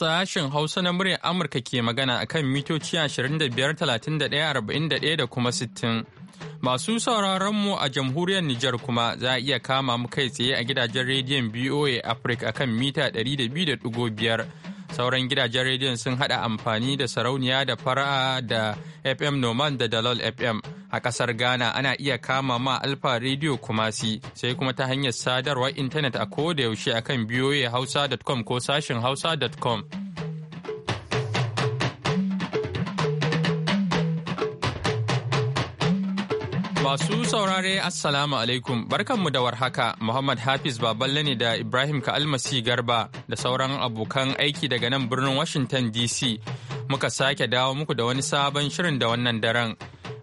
Sashen Hausa na muryar Amurka ke magana a kan mitoci 25,31,41 da kuma 60. Masu mu a jamhuriyar Nijar kuma za a iya kama mu kai tsaye a gidajen rediyon BOA Africa a kan mita 200.5. Sauran gidajen rediyon sun haɗa amfani da sarauniya da fara'a da FM Noman da Dalol FM. A ƙasar Ghana ana iya kama ma Alfa Radio Kumasi sai kuma ta hanyar sadarwar intanet a kodayaushe yaushe kan BOA Hausa.com ko sashen Hausa.com. Masu saurare Assalamu alaikum barkanmu da warhaka Muhammad Hafiz Baballe ne da Ibrahim Ka'almasi Garba da sauran abokan aiki daga nan birnin Washington DC muka sake dawo muku da wani sabon shirin da wannan daren.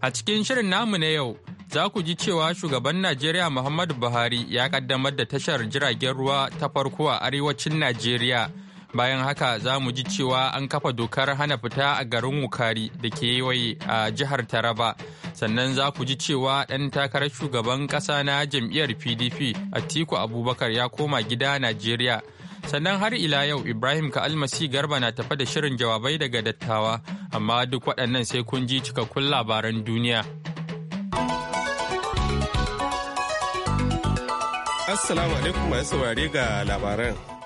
A cikin shirin namu na yau za ku ji cewa shugaban Najeriya Muhammadu Buhari ya kaddamar da tashar jiragen ruwa ta farko a arewacin Najeriya. bayan haka za mu ji cewa an kafa dokar hana fita a garin wukari da ke kewaye a jihar taraba sannan za ku ji cewa ɗan takarar shugaban ƙasa na jam'iyyar pdp atiku abubakar ya koma gida najeriya sannan har ila yau ibrahim ka'almasi garba na tafa da shirin jawabai daga dattawa amma duk waɗannan sai kun ji cikakkun labaran duniya assalamu alaikum masu saurare ga labaran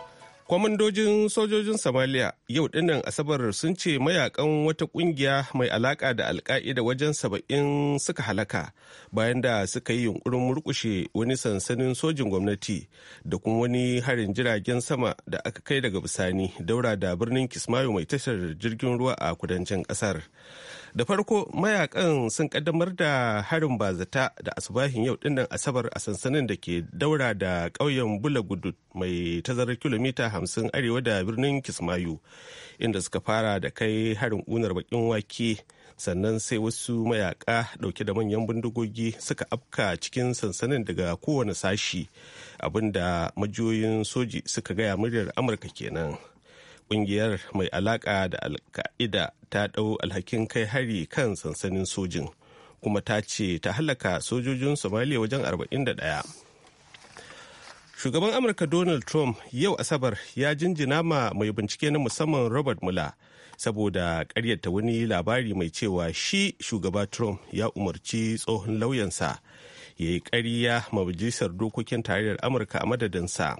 kwamandojin sojojin somalia yau dinnan asabar sun ce mayakan wata kungiya mai alaka da alka'ida wajen saba'in suka halaka bayan da suka yi yunkurin murkushe wani sansanin sojin gwamnati da kuma wani harin jiragen sama da aka kai daga bisani daura da birnin kismayo mai tashar jirgin ruwa a kudancin kasar da farko mayakan sun kaddamar da harin bazata da asubahin yau dinnan asabar a sansanin da ke daura da ƙauyen bulagudu mai tazarar kilomita 50 arewa da birnin kismayo inda suka fara da kai harin unar bakin wake sannan sai wasu mayaka dauke da manyan bindigogi suka afka cikin sansanin daga kowane sashi abinda majiyoyin soji suka gaya muryar amurka kenan kungiyar mai alaka da alka'ida ta dau alhakin kai hari kan sansanin sojin kuma ta ce ta halaka sojojin somaliya wajen 41 shugaban amurka donald trump yau asabar ya jinjina ma mai bincike na musamman robert mula saboda karyata wani labari mai cewa shi shugaba trump ya umarci tsohon lauyansa ya yi karya majalisar dokokin tarayyar amurka a madadinsa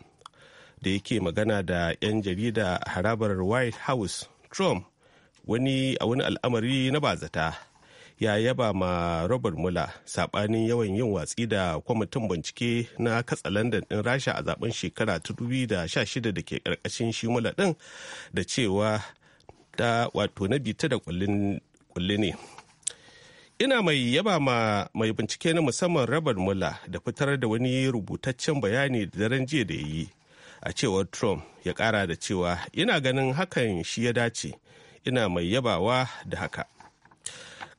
da yake magana da 'yan jarida harabar white house trump wani a wani al'amari na bazata ya yaba ma robert mula sabanin yawan yin watsi da kwamitin bincike na katsalandan din rasha a zaben shekara ta 2016 da ke karkashin shi mula din da cewa ta wato na bita da kulli ne ina mai yaba ma mai bincike na musamman robert mula da fitar da wani rubutaccen bayani da daren jiya da ya yi a cewar trump ya kara da cewa ina ganin hakan shi ya dace ina mai yabawa da haka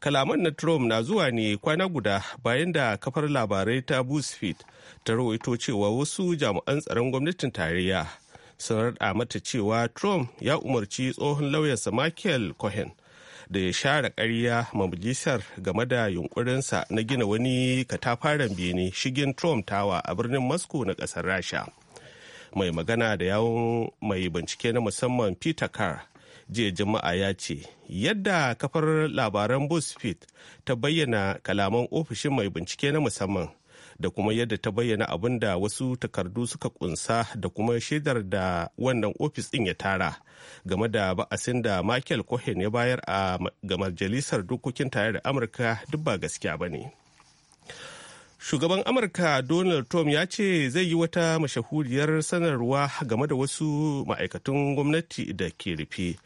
kalaman na trump na zuwa ne kwana guda bayan da kafar labarai ta buzzfeed ta rawaito cewa wasu jami'an tsaron gwamnatin tarayya sun raɗa mata cewa trump ya umarci tsohon lauyan sa michael cohen da ya share karya majalisar game da yunkurinsa na gina wani katafaren bene shigin trump tawa a birnin moscow na ƙasar rasha mai magana da yawon mai bincike na musamman peter carr jiya jama'a ya ce yadda kafar labaran buzzfeed ta bayyana kalaman ofishin mai bincike na musamman da kuma yadda ta bayyana abin da wasu takardu suka kunsa da kuma shaidar da wannan ofis ɗin ya tara game da ba'asin da michael cohen ya bayar a ga majalisar dokokin tare da amurka duk ba gaskiya ba ne shugaban amurka donald trump ya ce zai yi wata mashahuriyar sanarwa game da wasu ma'aikatan gwamnati da ke rufe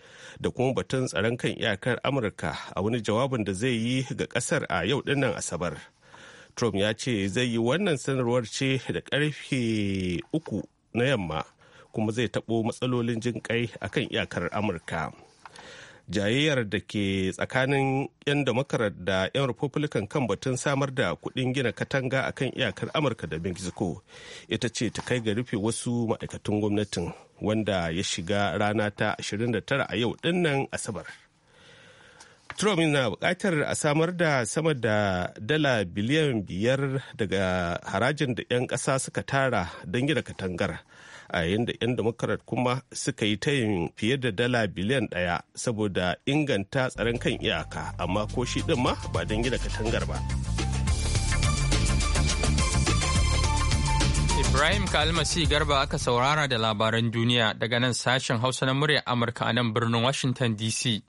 da kuma batun tsaron kan iyakar amurka a wani jawabin da zai yi ga kasar a yau dinnan asabar trump ya ce zai yi wannan sanarwar ce da karfe uku na yamma kuma zai taɓo matsalolin jin kai akan iyakar amurka jayayyar da ke tsakanin 'yan damakarar da 'yan republican kan batun samar da kudin gina katanga a kan iyakar amurka da mexico ita ce ta kai ga rufe wasu ma'aikatan gwamnatin wanda ya shiga rana ta 29 a yau dinnan asabar trump na bukatar a samar da sama da dala biliyan biyar daga harajin da 'yan ƙasa suka tara don gina katangar a yayin da 'yan democrat kuma suka yi tayin fiye da dala biliyan ɗaya saboda inganta tsaron kan iyaka amma ko shi din ma ba don gina katangar ba Ibrahim Kalmasi Garba aka saurara da labaran duniya daga nan sashen Hausa na muryar Amurka a nan birnin Washington DC.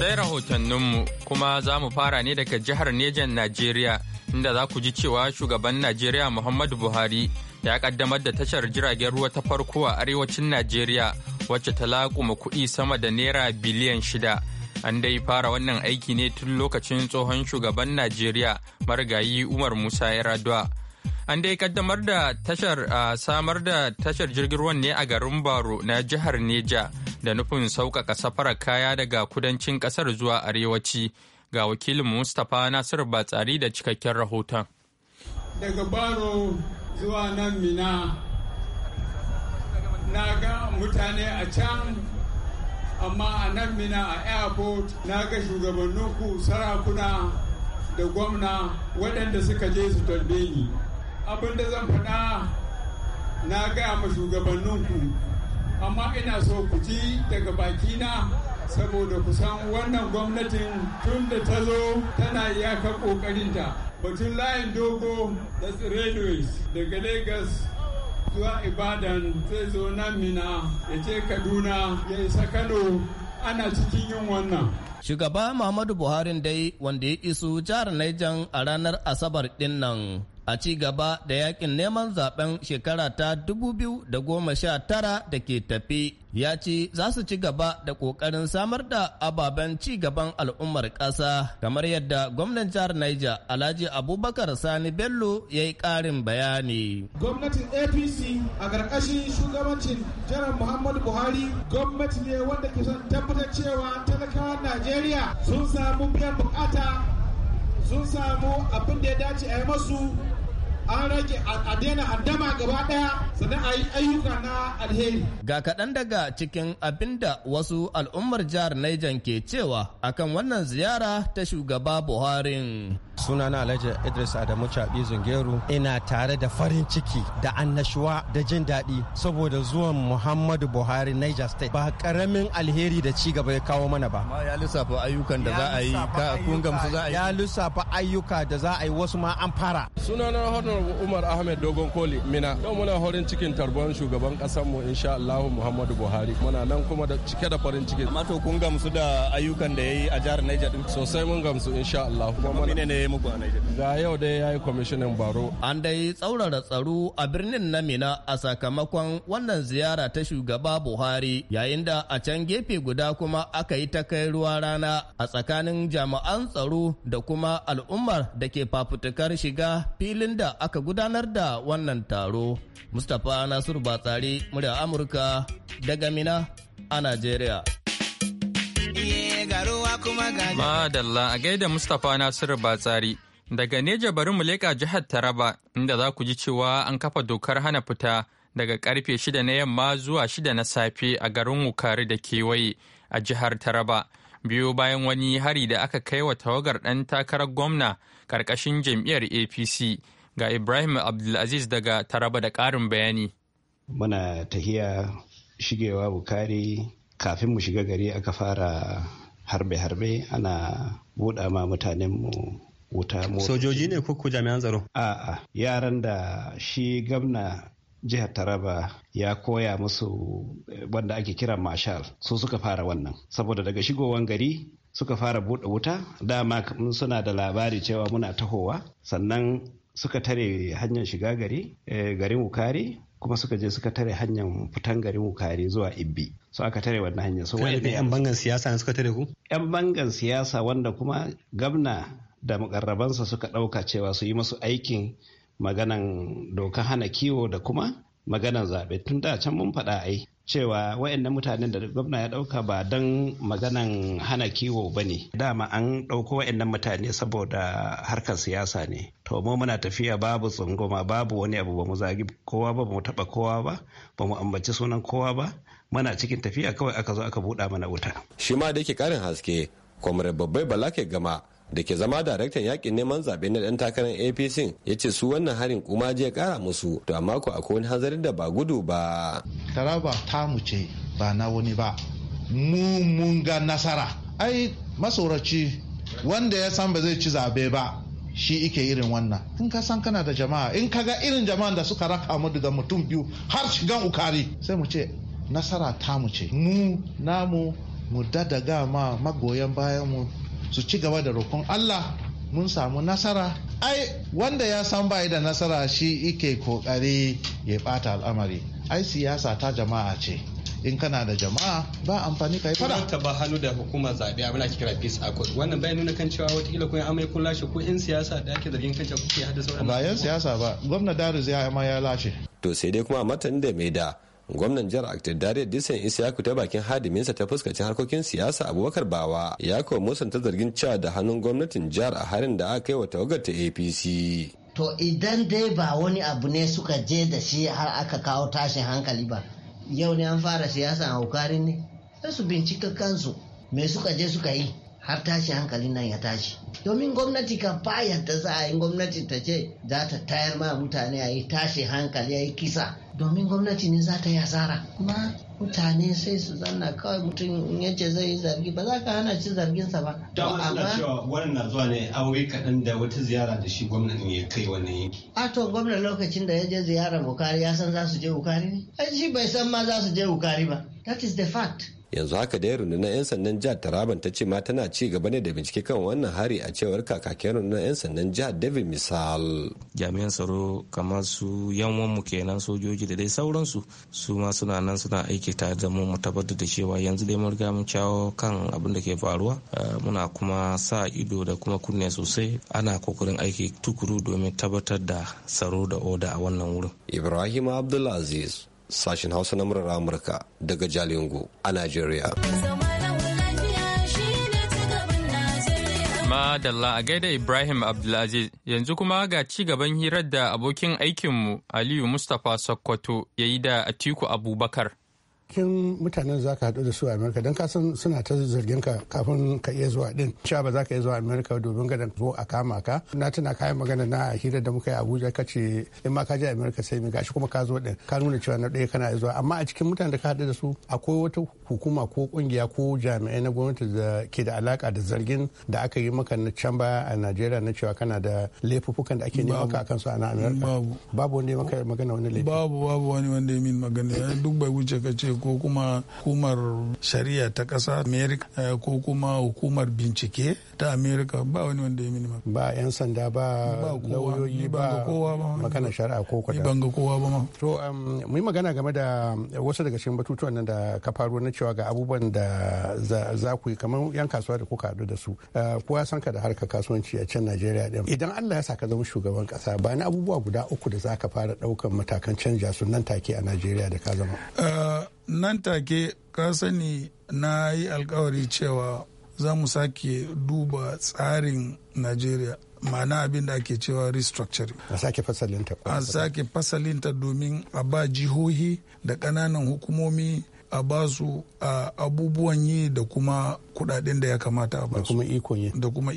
sai rahotanninmu kuma za mu fara ne daga jihar Nejan Najeriya inda za ku ji cewa shugaban Najeriya Muhammadu Buhari ya kaddamar da tashar jiragen ruwa ta farko a arewacin Najeriya wacce ta laƙuma kuɗi sama da naira biliyan shida. An dai fara wannan aiki ne tun lokacin tsohon shugaban Najeriya marigayi Umar Musa Yar'adua. An dai kaddamar da tashar samar da tashar jirgin ruwan ne a garin Baro na jihar Neja. da nufin sauƙaƙa safarar kaya daga kudancin ƙasar zuwa arewaci ga wakilin mustapha nasiru batsari da cikakken rahoton daga baro zuwa nan mina na ga mutane a can amma a nan mina a airport na ga shugabanninku sarakuna da gwamna waɗanda suka je su tarbe ni abin zan faɗa na gaya ma shugabanninku amma ina so ku ji daga bakina saboda kusan wannan gwamnatin tun da ta zo tana iyakar ƙoƙarinta batun layin dogo da railways daga lagos zuwa ibadan zai zo nan mina ya ce kaduna ya isa kano ana cikin yin wannan shugaba muhammadu buhari dai wanda ya isu jihar naijan a ranar asabar ɗinnan. a ci gaba da yakin neman zaben shekara ta 2019 da ke tafi ya ce za su ci gaba da kokarin samar da ababen ci gaban al'ummar ƙasa kamar yadda gwamnan jihar Niger Alhaji Abubakar Sani Bello ya yi ƙarin bayani. Gwamnatin APC a ƙarƙashin shugabancin jihar Muhammadu Buhari gwamnati ne wanda ke son tabbatar cewa talakawan Najeriya sun samu biyan bukata sun samu abin da ya dace a yi masu an rage a daina handama gaba daya sannan a yi ayyuka na alheri. Ga kaɗan daga cikin abin da wasu al'ummar jihar Niger ke cewa akan wannan ziyara ta shugaba Buhari. sunana alhaji idris adamu caɓi zungeru ina tare da farin ciki da annashuwa da jin daɗi saboda zuwan muhammadu buhari niger state ba karamin alheri da ci gaba ya kawo mana ba ya lissafa ayyukan da za a yi kun gamsu za a yi ya lissafa ayyuka da za a yi wasu ma an fara sunana honor umar ahmed dogon koli mina yau muna horin cikin tarbon shugaban mu insha allahu muhammadu buhari muna nan kuma da cike da farin ciki amma to kun gamsu da ayyukan da ya yi a jihar niger sosai mun gamsu insha allahu kuma ne ne uku a Ga yau dai ya yi kwamishinan baro. An dai tsaurara tsaro a birnin na Mina a sakamakon wannan ziyara ta shugaba Buhari yayin da a can gefe guda kuma aka yi ta kai ruwa rana a tsakanin jami'an tsaro da kuma al'ummar da ke fafutukar shiga filin da aka gudanar da wannan taro. Mustapha Nasiru Batsari, murya Amurka daga Mina a Najeriya. kuma gani. Madalla a gaida Mustapha Nasiru Batsari. Daga Neja bari mu leƙa jihar Taraba inda za ku ji cewa an kafa dokar hana fita daga karfe shida na yamma zuwa shida na safe a garin Wukari da kewaye a jihar Taraba. Biyo bayan wani hari da aka kai wa tawagar ɗan takarar gwamna ƙarƙashin jam'iyyar APC ga Ibrahim Abdulaziz daga Taraba da ƙarin bayani. Muna tahiya shigewa Bukari kafin mu shiga gari aka fara harbe-harbe ana buɗa ma mutanenmu wuta sojoji ne ko jami'an tsaro a'a yaran da shi gamna jihar Taraba ya koya musu eh, wanda ake kira marshal su suka fara wannan saboda daga shigowan gari suka fara buɗe wuta dama suna da labari cewa muna tahowa sannan suka tare hanyar shiga gari eh, garin wukari kuma suka je suka tare hanyar fitan garin wukari zuwa ibbi so aka tare wannan hanyar so wani ne yan bangan siyasa ne suka tare ku yan bangan siyasa wanda kuma gabna da mukarrabansa suka ɗauka cewa su yi musu aikin maganan doka hana kiwo da kuma maganan zaɓe tun da can mun faɗa ai cewa wayannan mutanen da gwamna ya ɗauka ba don maganan hana kiwo ba ne dama an ɗauko wayannan mutane saboda harkar siyasa ne to mu muna tafiya babu tsunguma babu wani abu ba mu zagi kowa ba mu taba kowa ba ba mu ambaci sunan kowa ba muna cikin tafiya kawai aka zo aka buɗa mana wuta shi ma da yake karin haske kwamar babbai bala ke gama da ke zama daraktan yakin neman zaɓe na ɗan takarar apc ya ce su wannan harin kuma je kara musu to amma ko akwai wani hanzarin da ba gudu ba taraba ta mu ce ba na wani ba mu mun ga nasara ai masoraci wanda ya san ba zai ci zabe ba shi ike irin wannan in ka san kana da jama'a in ka ga irin jama'a da suka raka mu daga mutum biyu har shigan ukari sai mu ce nasara ta mu ce mu namu mu dadaga ma magoyan bayan mu su ci gaba da roƙon allah mun samu nasara ai wanda ya san bai da nasara shi ike kokari ya bata al'amari ai siyasa ta jama'a ce in kana da jama'a ba amfani kai fara ta ba hannu da hukumar zabe abin ake kira peace accord wannan bai nuna kan cewa wata kila kun amai kun lashe ko in siyasa da ake zargin kanta kuke hada sauran ba yan siyasa ba gwamna Daru ya ma ya lashe to sai dai kuma matan da mai da gwamnan jihar Dariya, disan isiyaku ta bakin hadiminsa ta fuskacin harkokin siyasa abubakar bawa ya kawo musanta zargin cewa da hannun gwamnatin jihar a harin da aka kai wa tawagar ta apc to idan dai ba wani abu ne suka je da shi har aka kawo tashin hankali ba yau ne an fara siyasa a hukari ne sai su bincika kansu me suka je suka yi har tashin hankali nan ya tashi domin gwamnati kan bayar yadda za a yi gwamnati ta ce za ta tayar ma mutane a yi tashin hankali a yi kisa domin gwamnati ne za ta yi asara kuma mutane sai su zanna kawai mutum yace zai yi zargi ba za ka hana shi zarginsa ba. Da na cewa wannan na zuwa ne aure kaɗan da wata ziyara da shi ne ya kai wannan yanki. A to gwamnan lokacin da ya je ziyarar Bukari ya san za su je Bukari ne? Ai shi bai san ma za su je Bukari ba. That is the fact. yanzu haka dai rundunar 'yan sandan jihar taraban ta ce ma tana ci gaba ne da bincike kan wannan hari a cewar kakakin rundunar 'yan sandan jihar david misal jami'an tsaro kamar su mu kenan sojoji da dai sauransu su ma suna nan suna aiki tare da mu tabbatar da cewa yanzu dai mun riga mun cawo kan abin da ke faruwa eh, muna kuma sa ido da kuma kunne sosai ana kokarin aiki tukuru domin tabbatar da tsaro da oda a wannan wurin ibrahim abdulaziz sashen hausa na murar amurka daga jalingo a nigeria madalla a gaida ibrahim abdulaziz yanzu kuma ga ci gaban hirar da abokin aikinmu aliyu mustapha sokoto ya yi da atiku abubakar cikin mutanen za ka haɗu da su a amerika don kasan suna ta zargin ka kafin ka iya zuwa din sha ba za ka iya zuwa amerika domin ga zo a kama ka na tuna kayan magana na hira da muka yi abuja ka ce in ma ka je amerika sai mi gashi kuma ka zo din ka nuna cewa na ɗaya kana iya zuwa amma a cikin mutanen da ka haɗu da su akwai wata hukuma ko kungiya ko jami'ai na gwamnati da ke da alaka da zargin da aka yi maka na can baya a najeriya na cewa kana da laifuffukan da ake nema ka akan su a amerika babu wanda ya maka magana wani laifi babu babu wani wanda ya min magana duk bai wuce ka ce ko kuma hukumar shari'a ta ƙasa america eh, ko kuma hukumar bincike ta america ba wani wanda ya minima ba 'yan sanda ba lauyoyi ba magana shari'a ko kwata ban ga kowa ba ma to um, mu magana game da wasu daga cikin batutuwan nan da ka faru na cewa ga abubuwan da za ku yi kamar 'yan kasuwa da kuka haɗu da su eh, ko san ka da harkar kasuwanci a can najeriya din idan allah ya sa ka zama shugaban ƙasa ba ni abubuwa guda uku da za ka fara ɗaukar matakan canja su nan take a najeriya da ka zama eh, nan take ka sani na yi alkawari cewa za mu sake duba tsarin najeriya ma'ana abin da ake cewa restructuring a sake fasalinta domin a ba jihohi da ƙananan hukumomi a ba su abubuwan yi da kuma kudaden da ya kamata a basu da kuma ikon yi da kuma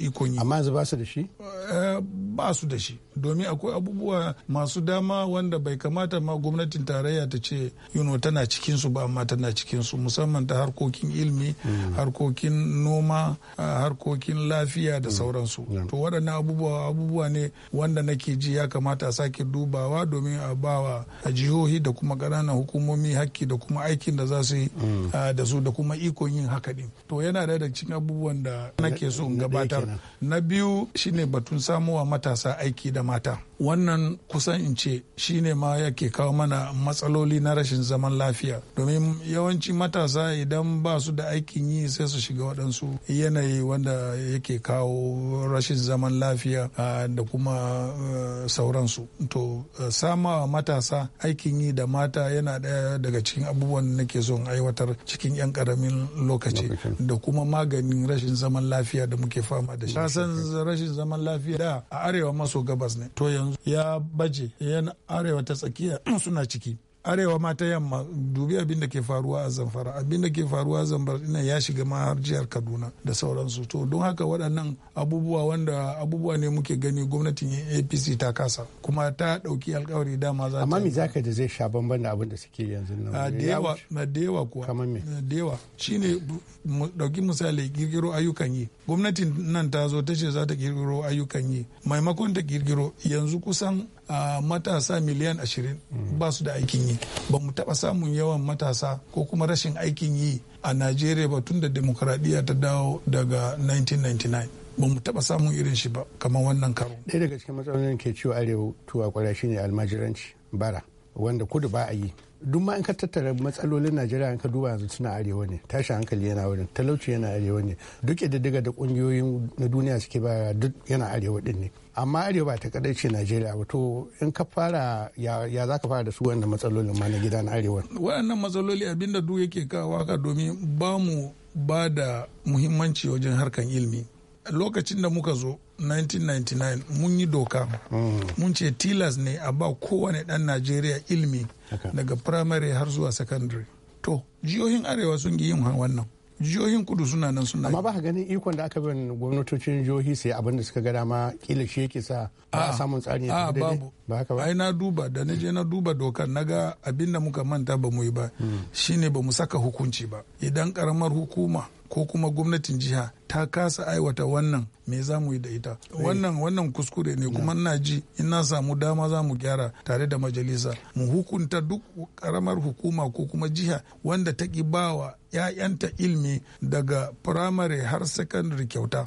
ba su da shi eh, ba su da shi domin akwai abubuwa masu dama wanda bai kamata ma gwamnatin tarayya ta ce yuno tana cikin su ba amma tana cikin su musamman ta harkokin ilimi mm. harkokin noma harkokin lafiya da mm. sauransu to waɗannan abubuwa abubuwa ne wanda nake ji ya kamata a sake dubawa domin a bawa jihohi da kuma ƙananan hukumomi hakki da kuma aikin da za su yi mm. da su da kuma ikon yin haka din to yana da ɗaya da cikin abubuwan da nake so in gabatar na biyu shine batun samuwa matasa aiki da mata wannan kusan in ce shi ne ma yake kawo mana matsaloli na rashin zaman lafiya domin yawanci matasa idan ba su da aikin yi sai su shiga waɗansu yanayi wanda yake kawo rashin zaman lafiya da kuma sauransu to samawa matasa aikin yi da mata yana ɗaya daga cikin abubuwan da nake son aiwatar cikin 'yan ƙaramin lokaci da kuma maganin rashin zaman lafiya da muke fama da shi rashin zaman lafiya da a arewa maso gabas ne to yanzu ya baje yan arewa ta tsakiya suna ciki arewa ma ta yamma dubi abin da ke faruwa a zamfara abin da ke faruwa a zamfara ina ya shiga ma har jihar kaduna da sauransu to don haka waɗannan abubuwa wanda abubuwa ne muke gani gwamnatin apc ta kasa kuma ta ɗauki alkawari dama za ta amma mi zaka da zai sha bamban da abin da suke yanzu nan da na da yawa kuwa kamar me da yawa shine mu ɗauki misali kirkiro ayyukan yi gwamnatin nan ta zo ta ce za ta kirkiro ayyukan yi maimakon ta kirkiro yanzu kusan matasa miliyan 20 ba su da aikin yi ba mu taɓa samun yawan matasa ko kuma rashin aikin yi a najeriya ba tun da demokuraɗiyya ta dawo daga 1999 ba mu taba samun irin shi ba kamar wannan karo. ɗaya daga cikin matsalolin ke ciwo arewa tuwa kwara shine almajiranci bara wanda kudu ba a yi duk ma in ka tattara matsalolin najeriya in ka duba yanzu suna arewa ne tashin hankali yana wurin talauci yana arewa ne duk diga da kungiyoyin na duniya suke baya duk yana arewa din ne amma arewa ta kadai ce najeriya wato in ka fara ya za ka fara da su wanda matsalolin ma na gida na arewa waɗannan matsaloli abinda duk yake kawo haka domin ba mu ba da muhimmanci wajen harkan ilimi lokacin da muka zo 1999 mun yi doka mm. mun ce tilas ne a ba kowane ɗan najeriya ilimi daga primary har zuwa secondary to jihohin arewa sun yi yin wannan jihohin kudu suna nan suna amma ba ka ganin ikon da aka bin gwamnatocin jihohi sai abin da suka ga dama kila shi yake sa ba a samun tsari a babu ba haka ba ai na duba da na je na duba dokar na ga abin da muka manta ba mu yi ba hmm. shine ba mu saka hukunci ba idan karamar hukuma ko kuma gwamnatin jiha ta kasa aiwata wannan me za mu yi da ita eh. wannan wannan kuskure ne kuma ina ji in na samu dama za mu gyara tare da majalisa mu hukunta duk karamar hukuma ko kuma jiha wanda ta ki bawa 'ya'yanta ilmi daga firamare har sakandare kyauta.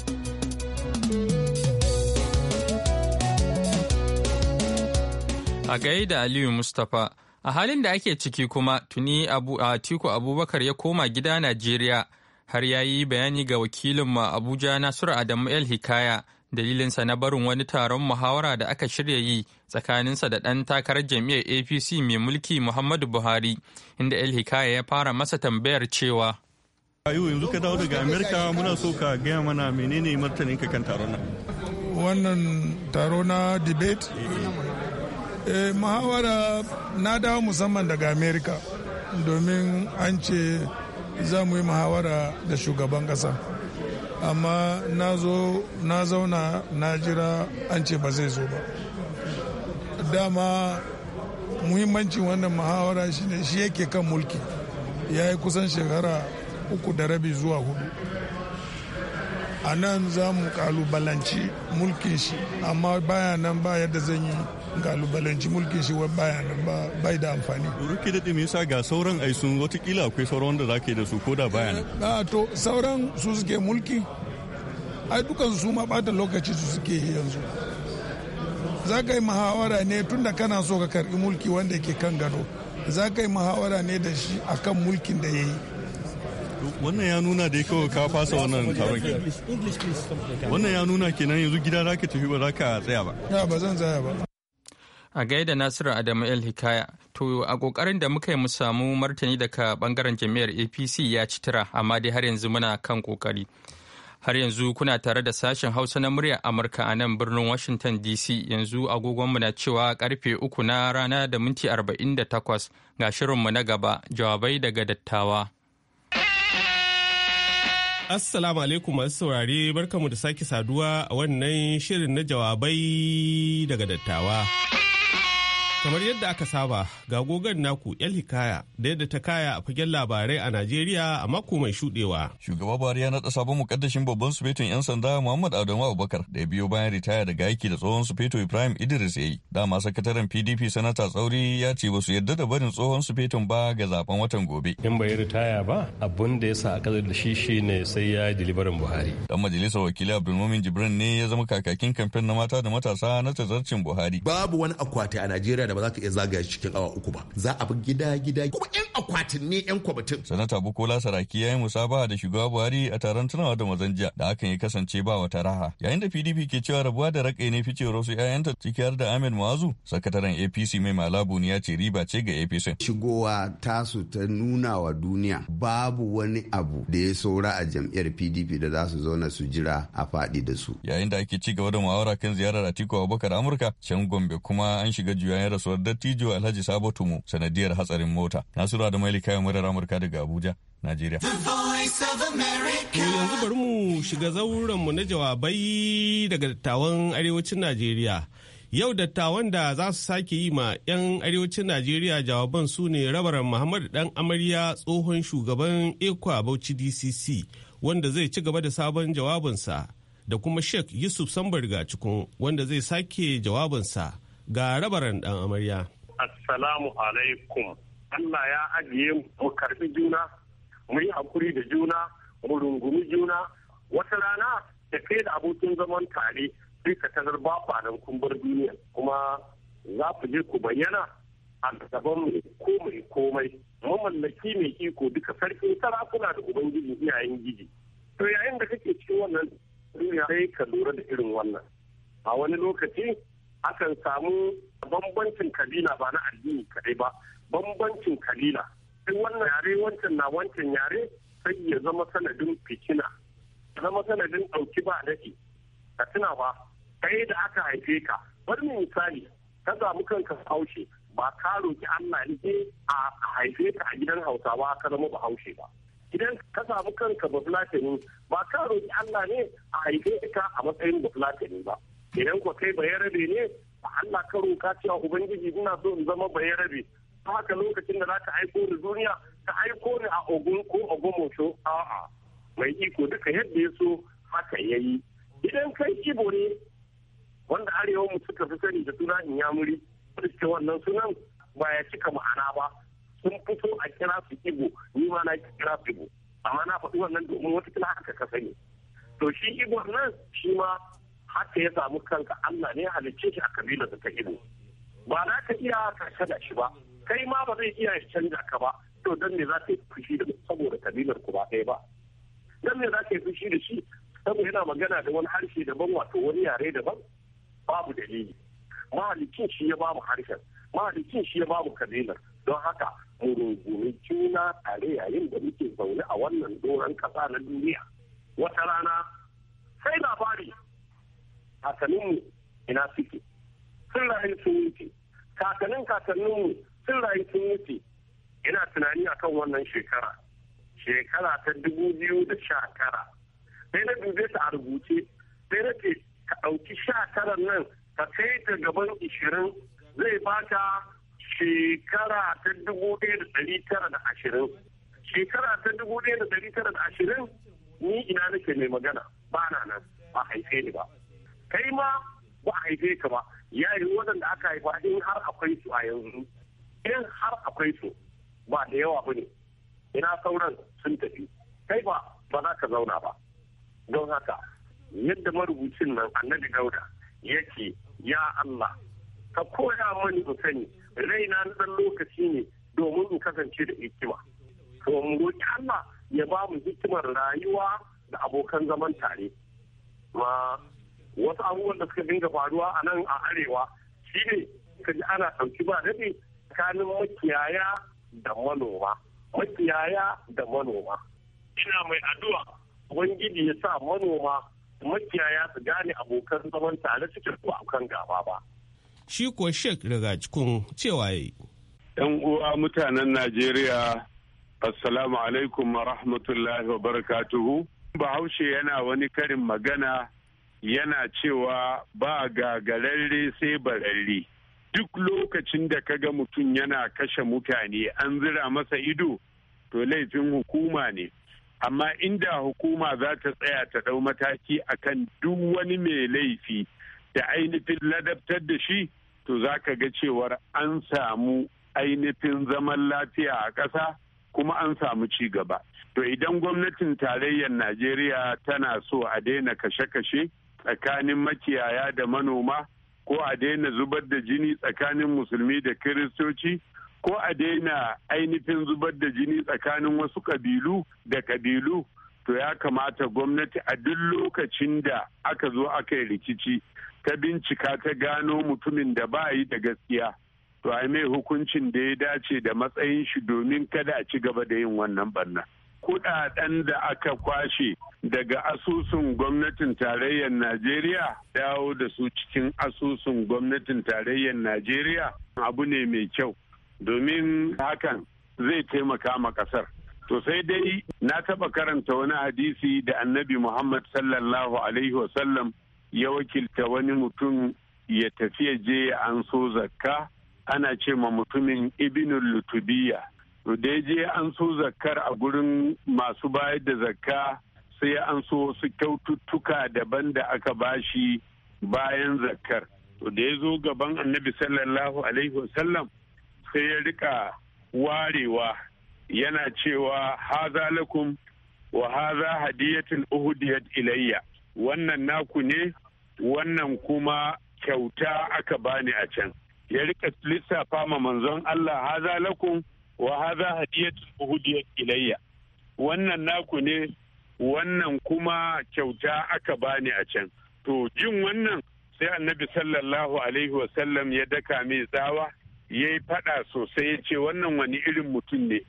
A gaida Aliyu Mustapha, a halin da ake ciki kuma tuni Abu, Atiku Abubakar ya koma gida Najeriya har ya yi bayani ga wakilinmu abuja nasiru adamu el hikaya dalilinsa na barin wani taron muhawara da aka shirya yi tsakaninsa da ɗan takarar jam'iyyar apc mai mulki muhammadu buhari inda el hikaya ya fara masa tambayar cewa ayu yanzu ka dawo daga amerika muna so ka gaya mana menene martanin ka kan taron nan wannan taro na debate eh, muhawara na dawo musamman daga amerika domin an ce za mu yi muhawara da shugaban ƙasa amma na zo na zauna na jira an ce ba zai zo ba dama muhimmancin wannan muhawara shine shi yake kan mulki ya yi kusan shekara uku da rabi zuwa hudu a nan za mu kalubalanci mulkin shi amma baya nan ba yadda zan yi kalubalanci mulkin shi wa baya nan ba bai da amfani ruki da dimi sa ga sauran ai sun watakila akwai sauran wanda zake da su ko da baya nan eh, a ah, to sauran su suke mulki ai dukan su ma bata lokaci su suke yanzu za ka yi muhawara ne tunda kana so ka karbi mulki wanda yake kan gado za ka yi muhawara ne da shi akan mulkin da ya yi wannan ya nuna dai kawai ka fasa wannan taron wannan ya nuna kenan yanzu gida za ka tafi ba za ka tsaya ba na ba zan a gaida nasiru adamu el hikaya to a kokarin da muka yi mu samu martani daga bangaren jami'ar apc ya ci tira amma dai har yanzu muna kan kokari har yanzu kuna tare da sashen hausa na muryar amurka a nan birnin washington dc yanzu agogonmu na cewa karfe uku na rana da minti 48 ga shirinmu na gaba jawabai daga dattawa Assalamu alaikum masu saurare barkamu da sake saduwa a wannan shirin na jawabai daga dattawa. Kamar yadda aka saba, ga gogon naku yan Hikaya da yadda ta kaya a fagen labarai a Najeriya a mako mai shudewa. Shugaba Buhari ya naɗa sabon mukaddashin babban sufetun 'yan sanda Muhammad Adamu Abubakar da ya biyo bayan ritaya daga aiki da tsohon sufeto Ibrahim Idris ya yi. Dama sakataren PDP Sanata Tsauri ya ce ba su yarda da barin tsohon sufetun ba ga zaben watan gobe. In bai ritaya ba, abun da ya sa a da shi shi ne sai ya yi dilibarin Buhari. Dan majalisar wakili Abdulmumin Jibrin ne ya zama kakakin kamfen na mata da matasa na tazarcin Buhari. Babu wani akwati a Najeriya da ba za ka iya zagaya cikin awa uku ba za a bi gida gida kuma yan akwatin ne yan kwamitin. sanata bukola saraki ya yi musabaha da shugaba buhari a taron tunawa da mazanja da hakan ya kasance ba wata raha yayin da pdp ke cewa rabuwa da raƙe ne ficewar wasu ta ciki har da ahmed muazu sakataren apc mai malabu ya ce riba ce ga apc. shigowa tasu ta nuna wa duniya babu wani abu da ya saura a jam'iyyar pdp da za su zauna su jira a faɗi da su. yayin da ake ci gaba da muhawara kan ziyarar atiku abubakar amurka can gombe kuma an shiga juyayen rasuwar dattijo Alhaji Sabo Tumu sanadiyar hatsarin mota. Nasiru da Maili kayan murar Amurka daga Abuja, Najeriya. yanzu bari mu shiga zauren mu na jawabai daga dattawan arewacin Najeriya. Yau dattawan da za su sake yi ma 'yan arewacin Najeriya jawaban su ne rabaran Muhammad Dan Amarya tsohon shugaban Ekwa Bauchi DCC wanda zai ci gaba da sabon jawabinsa da kuma Sheikh Yusuf ga cikin wanda zai sake jawabinsa ga rabaran dan amarya. Assalamu alaikum. Allah ya ajiye mu karbi juna, mu yi hakuri da juna, mu rungumi juna. Wata rana da kai da abokin zaman tare sai ka tazar ba kwanan kumbar duniya kuma za ku je ku bayyana a gaban mai komai komai. Mamallaki mai iko duka sarkin sarakuna da ubangiji iyayen giji. To yayin da kake cikin wannan duniya sai ka lura da irin wannan. A wani lokaci akan samu bambancin kabila ba na addini kadai ba bambancin kabila in wannan yare wancan na wancan yare sai ya zama sanadin fitina ya zama sanadin ɗauki ba daɗi ka tuna ba kai da aka haife ka bari misali ka samu kanka haushe ba ka roki Allah ne a haife ka a gidan Hausawa ka zama bahaushe ba idan ka samu kanka ba ba ka roki Allah ne a haife ka a matsayin bafulatani ba idan ko kai bayarabe ne Allah ka roka cewa ubangiji ina so in zama bayarabe ta haka lokacin da za ta aiko ni duniya ka aiko ni a ogun ko ogomosho a'a mai iko duka yadda ya so haka yi. idan kai ibo ne wanda arewa mu suka fi sani da suna in yamuri suke wannan sunan ba ya cika ma'ana ba sun fito a kira su ibo ni ma na kira su ibo amma na faɗi wannan domin wata kila haka ka sani to shi ibo nan shi ma haka ya samu kanka Allah ne halicce shi a kabilar da ta ido ba na ka iya karshe kada shi ba kai ma ba zai iya ya canza ka ba to dan ne za ka yi fushi da saboda kabilar ku ba ɗaya ba dan ne za ka yi fushi da shi saboda yana magana da wani harshe daban wato wani yare daban babu dalili mahalicin shi ya babu mu harshen mahalicin shi ya babu mu kabilar don haka mu rungumi juna tare yayin da muke zaune a wannan doron kasa na duniya wata rana sai labari kakanninmu ina suke sun rayu sun wuce kakannin kakanninmu sun rayu sun wuce ina tunani akan wannan shekara shekara ta dubu biyu da sha tara sai na dube ta a rubuce sai na ce ka ɗauki sha tara nan ka kai ta gaban ishirin zai baka shekara ta dubu ɗaya da ɗari tara da ashirin shekara ta dubu ɗaya da ɗari tara da ashirin ni ina nake mai magana ba na nan ba haife ni ba kai ma ba a haife ka ba ya yi waɗanda aka haifa in har akwai su a yanzu in har akwai su ba da yawa ba ne ina sauran sun tafi kai ba ba za ka zauna ba don haka yadda marubucin nan annabi dauda yake ya Allah ka koya mani in sani raina na ɗan lokaci ne domin in kasance da hikima to mu roki Allah ya ba mu hikimar rayuwa da abokan zaman tare ma wasu abubuwan da suka dinga faruwa a nan a arewa shi shine kaji ana ɗauki ba daɗi tsakanin makiyaya da manoma makiyaya da manoma ina mai addu'a ubangiji ya sa manoma makiyaya su gane abokan zaman tare suke ko kan gaba ba shi ko shek daga cikin cewa yi yan uwa mutanen najeriya assalamu alaikum wa rahmatullahi wa barakatuhu bahaushe yana wani karin magana yana cewa ba gagararre sai bararre duk lokacin da kaga mutum yana kashe mutane an zira masa ido to laifin hukuma ne amma inda hukuma za ta tsaya ta ɗau mataki akan duk wani mai laifi da ainihin ladabtar da shi to za ka ga cewar an samu ainihin zaman lafiya a ƙasa kuma an samu ci gaba to idan gwamnatin tarayyar najeriya tana so a daina kashe-kashe tsakanin makiyaya da manoma ko a daina zubar da jini tsakanin musulmi da kiristoci ko a daina ainihin zubar da jini tsakanin wasu kabilu da kabilu to ya kamata gwamnati a duk lokacin da aka zo aka yi rikici ta bincika ta gano mutumin da ba yi da gaskiya to ai mai hukuncin da ya dace da matsayin shi domin kada a ci gaba da yin wannan barna kudaden da aka kwashe daga asusun gwamnatin tarayyar Najeriya dawo da su cikin asusun gwamnatin tarayyar Najeriya abu ne mai kyau domin hakan zai taimaka ma ƙasar. To sai dai na taɓa karanta wani hadisi da annabi Muhammad sallallahu Alaihi wasallam ya wakilta wani mutum ya tafi je ya an so zakka ana ce ma mutumin ibinul lutubiya. To da je an so zakkar a gurin masu bayar da zakka sai an so su kyaututtuka daban da aka bashi bayan zakkar to da ya zo gaban annabi sallallahu alaihi wasallam sai ya rika warewa yana cewa haza lakum wa haza hadiyatin uhudiyat ilayya wannan naku ne wannan kuma kyauta aka bani a can ya rika lissafa ma manzon Allah haza lakum wa haza hadiyatin uhudiyat ilayya wannan naku ne wannan kuma kyauta aka bani a can to jin wannan sai annabi sallallahu alaihi wasallam ya daka mai tsawa ya yi faɗa sosai ya ce wannan wani irin mutum ne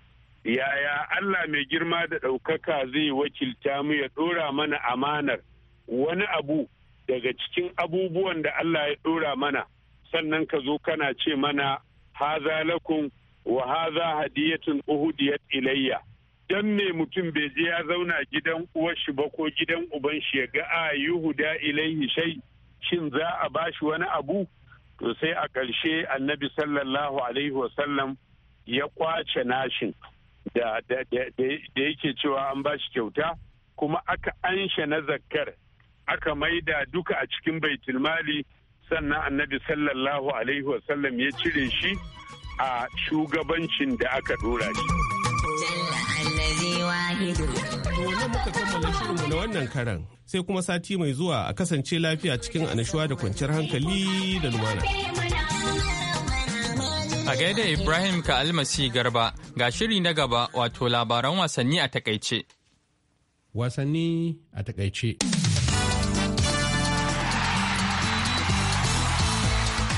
yaya Allah mai girma da ɗaukaka zai wakilta mu ya ɗora mana amanar wani abu daga cikin abubuwan da Allah ya ɗora mana sannan ka zo kana ce mana haza lakum wa haza hadiyatun uhudiyat ilayya don me mutum bai je ya zauna gidan uwarshi ba ko gidan uban shi ya ga a yuhuda ilaihi shai shin za a bashi wani abu to sai a ƙarshe annabi sallallahu alaihi wasallam ya kwace nashin da yake cewa an bashi kyauta kuma aka ansha na zakkar aka maida duka a cikin baitulmali sannan annabi sallallahu alaihi wasallam ya cire shi a shugabancin da aka dora shi. Wannan muka kammala na wannan karan sai kuma sati mai zuwa a kasance lafiya cikin anashuwa da kwanciyar hankali da lumana. A gaida Ibrahim ka almasi garba ga shiri na gaba wato labaran wasanni a takaice. Wasanni a takaice.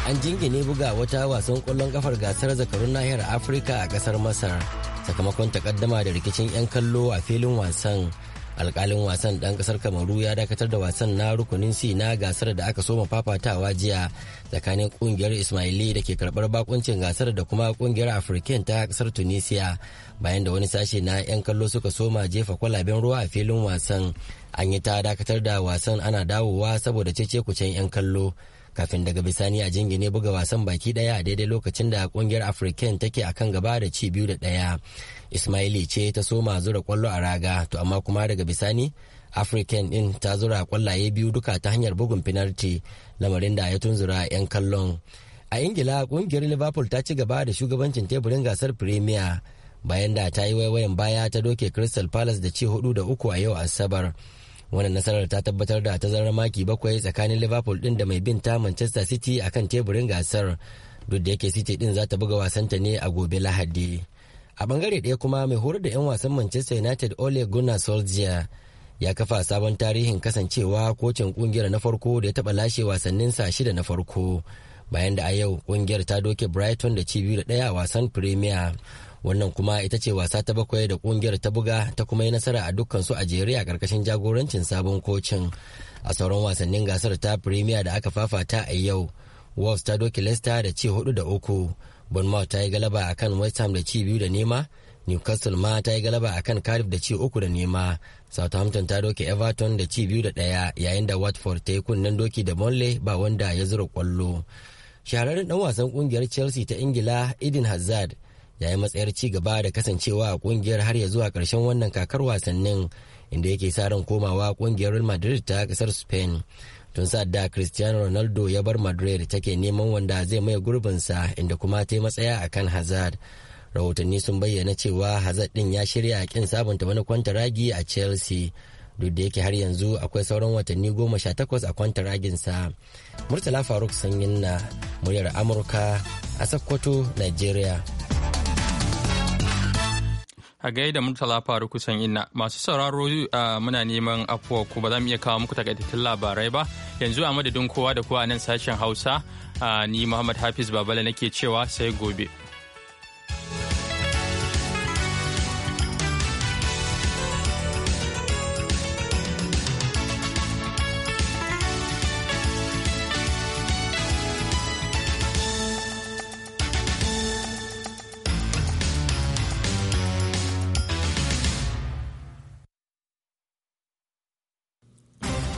An jingine buga wata wasan kwallon kafar gasar zakarun nahiyar Afirka a kasar Masar. sakamakon takaddama da rikicin 'yan kallo a filin wasan alkalin wasan dan kasar kamaru ya dakatar da wasan na rukunin si na gasar da aka soma fafatawa jiya tsakanin kungiyar ismaili da ke karbar bakuncin gasar da kuma kungiyar afirkan ta kasar tunisia bayan da wani sashe na 'yan kallo suka soma jefa kwalaben ruwa a filin wasan an yi ta dakatar da wasan ana dawowa saboda cece kucen 'yan kallo kafin daga bisani a jingine buga wasan baki daya a daidai lokacin da kungiyar african take akan gaba da ci biyu da daya ismaili ce ta soma zura kwallo a raga to amma kuma daga bisani african din ta zura kwallaye biyu duka ta hanyar bugun finarti lamarin da ya tunzura 'yan kallon a ingila kungiyar liverpool ta ci gaba da shugabancin teburin gasar premier bayan da ta yi waiwayin baya ta doke crystal palace da ci hudu da uku a yau asabar. wannan nasarar ta tabbatar da tazarar maki bakwai tsakanin liverpool din da mai bin ta manchester city kan teburin gasar duk da yake city din za ta buga wasanta ne a gobe lahadi a bangare ɗaya kuma mai horar da 'yan wasan manchester united ole gunnar solskjaer ya kafa sabon tarihin kasancewa kocin kungiyar na farko da ya taɓa lashe wasannin sa shida na farko bayan da a yau kungiyar ta doke brighton da ci biyu da ɗaya a wasan premier wannan kuma ita ce wasa ta bakwai da kungiyar ta buga ta kuma yi nasara a dukkan su a jeriya a karkashin jagorancin sabon kocin a sauran wasannin gasar ta premier da aka fafata a yau wolves ta doki leicester da ci hudu da uku bournemouth ta yi galaba akan west ham da ci biyu da nema newcastle ma ta yi galaba akan cardiff da ci uku da nema southampton ta doke everton da ci biyu da ɗaya yayin da watford ta yi kunnen doki da monley ba wanda ya zura kwallo shahararren dan wasan kungiyar chelsea ta ingila eden hazard ya yi matsayar ci gaba da kasancewa a kungiyar har ya zuwa karshen wannan kakar wasannin inda yake sa ran komawa kungiyar real madrid ta kasar spain tun sa da cristiano ronaldo ya bar madrid take neman wanda zai mai gurbinsa inda kuma ta yi matsaya a kan hazard rahotanni sun bayyana cewa hazard ɗin ya shirya a kin sabunta wani kwantaragi a chelsea duk da yake har yanzu akwai sauran watanni goma sha takwas a kwantaraginsa murtala faruk sanyin na muryar amurka a sakkwato nigeria a gaida murtala faru kusan inna masu sauraro muna neman afuwa ku ba za mu iya kawo muku takaitattun labarai ba yanzu a madadin kowa da kowa nan sashen hausa ni muhammad hafiz babala nake cewa sai gobe.